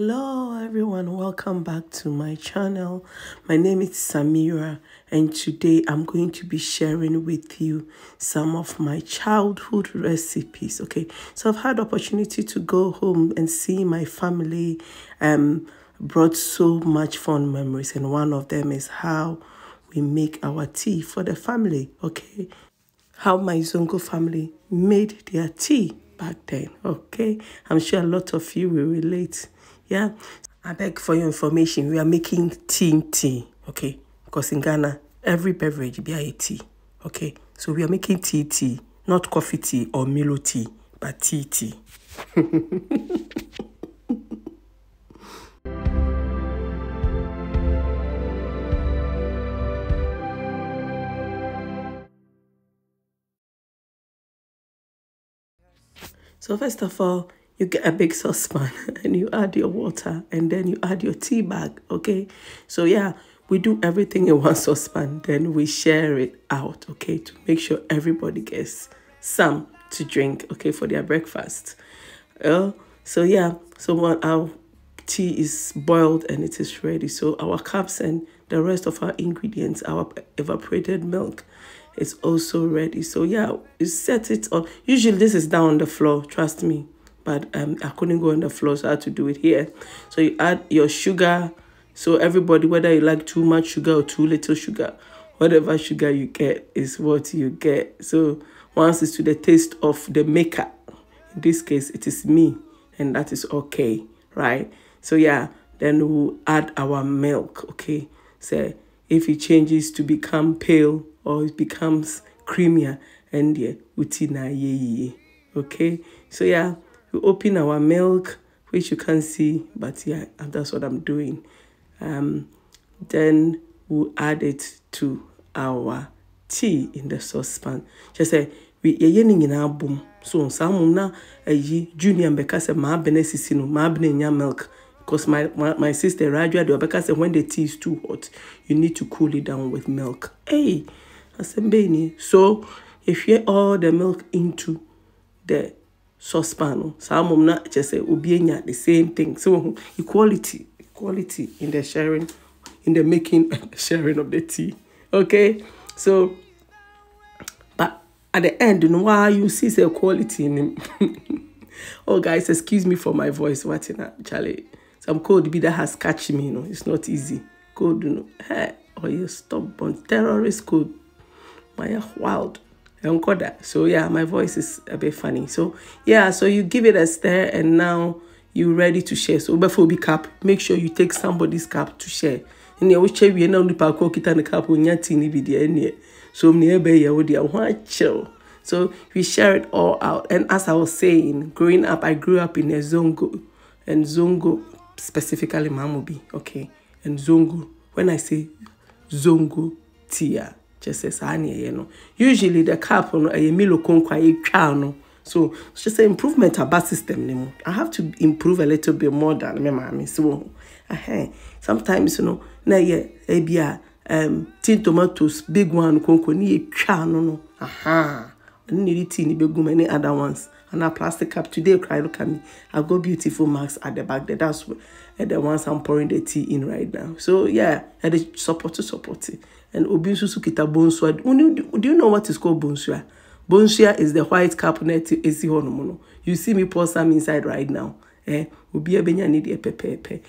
hello everyone welcome back to my channel my name is samira and today i'm going to be sharing with you some of my childhood recipes okay so i've had opportunity to go home and see my family um brought so much fun memories and one of them is how we make our tea for the family okay how my zongo family made their tea back then okay i'm sure a lot of you will relate yeah, I beg for your information. We are making tea tea, okay? Because in Ghana, every beverage be a tea, okay? So we are making tea tea, not coffee tea or Milo tea, but tea tea. So first of all, you get a big saucepan and you add your water and then you add your tea bag okay so yeah we do everything in one saucepan then we share it out okay to make sure everybody gets some to drink okay for their breakfast uh, so yeah so when our tea is boiled and it is ready so our cups and the rest of our ingredients our evaporated milk is also ready so yeah you set it on usually this is down on the floor trust me but um, I couldn't go on the floor, so I had to do it here. So you add your sugar. So everybody, whether you like too much sugar or too little sugar, whatever sugar you get is what you get. So once it's to the taste of the maker. In this case, it is me, and that is okay, right? So yeah, then we'll add our milk, okay? So if it changes to become pale or it becomes creamier, and yeah, ye ye okay? So yeah. we open our milk, which you can't see, but yeah, that's what I'm doing. Um, then we add it to our tea in the saucepan. She said, we yɛyɛ ne nyinaa boom. so saa mom na ayi eh, junior mbɛka sɛ maa bene sisi no maa bene nya milk because my my, my sister radua do ɔbɛka sɛ when the tea is too hot you need to cool it down with milk hey I bɛyi ni so if ehwie all the milk into the saucepan no saa mmom na kyerɛ sɛ obi anya the same thing so wɔn equality equality in the sharing in the making and the sharing of the tea okay so but at the end no wa you see say quality in him oh guys excuse me for my voice what in actually some cold be that has catch me you know it's not easy cold you know hey eh, or oh, you stubborn terrorist cold my wild encoder. So yeah, my voice is a bit funny. So yeah, so you give it a stir and now you're ready to share. So before we cap, make sure you take somebody's cap to share. And you share we now nipa ko kita ne cap on yati ni bi So me ebe ye chill. So we share it all out. And as I was saying, growing up, I grew up in a zongo and zongo specifically mamubi, okay? And zongo. When I say zongo tia, kyɛ sɛ saa ne ɛyɛ no usually the cap no ɛyɛ milo konko a yɛtwaa no so kyɛ sɛ improvement aba system ne mu i have to improve a little bit more than me maame si wɔ ho ɛhɛn sometimes no na ɛyɛ ebi a um, tin tomatoes big one konko ne yɛtwaa no no ahaa ɔno ne de tea ne bɛgu mu ɛne other ones and na plastic cap today cry look at me i go beautiful marks at the back there that's where and the ones I'm pouring the tea in right now. So yeah, and the support to support it. And Obinsu Sukita Bonsua. Do you know what is called Bonsua? Bonsua is the white cabinet is honomono. You see me pour some inside right now. Eh? pepe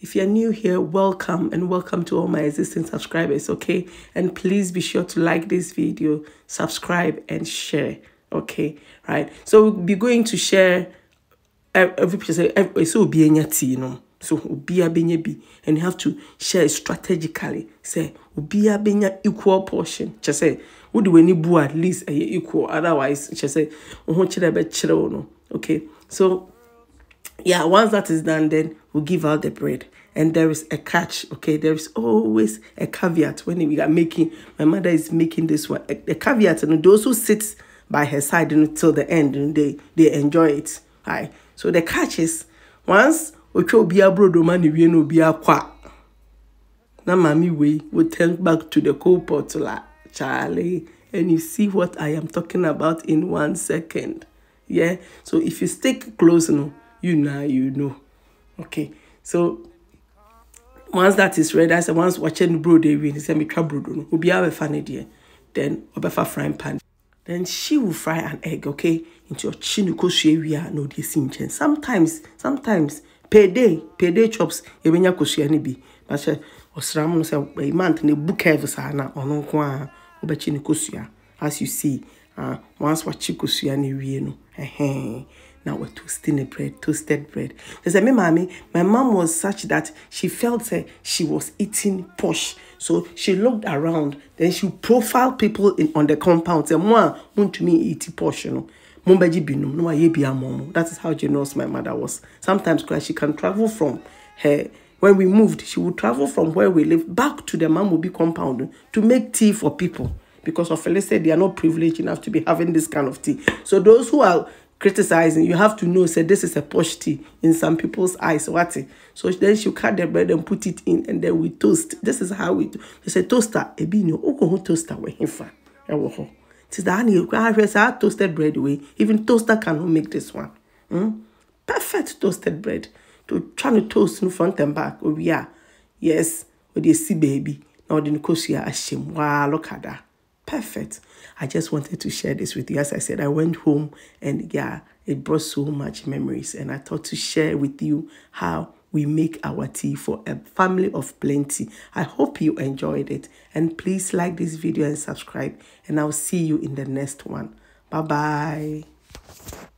If you're new here, welcome and welcome to all my existing subscribers, okay? And please be sure to like this video, subscribe and share, okay? Right? So we'll be going to share every eh, person, every, so eh, be any tea, you know. So ubia benya bi and you have to share strategically. Say ubia benya equal portion. Just say would we need bu at least a eh, equal otherwise just say uho be chire no. Okay. So yeah, once that is done then we will give out the bread. And there is a catch, okay? There is always a caveat when we are making my mother is making this one. A, a caveat and those who sit by her side until you know, the end you know, they they enjoy it. All right. So the catch is once ɔtwa obiara brodo ma ne wie na obiara kɔ a na maame wei will turn back to the cold pot la charlie and you see what i am talking about in one second yeah so if you stick close no you now you know okay so once that is ready i said once watching brood they win he said me try brood no will be our fan dear then obefa frying pan then she will fry an egg okay into your chin she chinuko shewia no they sometimes sometimes payday payday chops ɛbɛnya kosua no bi na kyɛ ɔsram no sɛ mant na ɛbu curve saa na ɔno nko a wobɛkye ne kosua as you see uh, once wakye kosua no wie no ɛhɛn now we're toasting bread, toasted bread. They said, me mommy, my mom was such that she felt uh, she was eating posh. So she looked around, then she profiled people in on the compound. Say, Mwa, won't me eat posh, you know. That is how generous my mother was. Sometimes she can travel from her when we moved, she would travel from where we live back to the Mamubi compound to make tea for people. Because of Felicity, they are not privileged enough to be having this kind of tea. So those who are criticizing, you have to know, say, this is a poshti in some people's eyes, what it. So then she cut the bread and put it in, and then we toast. This is how we do. They say, toaster, ebinyo, oko toaster, we hifa, ewo ho. Tis the honey, you can have toasted bread way. Even toaster cannot make this one. Mm? Perfect toasted bread. To try to toast in front and back, oh yeah. Yes, with the sea baby. Now the Nicosia, I shame, wow, look at that perfect. I just wanted to share this with you. As I said, I went home and yeah, it brought so much memories. And I thought to share with you how we make our tea for a family of plenty. I hope you enjoyed it. And please like this video and subscribe. And I'll see you in the next one. Bye-bye.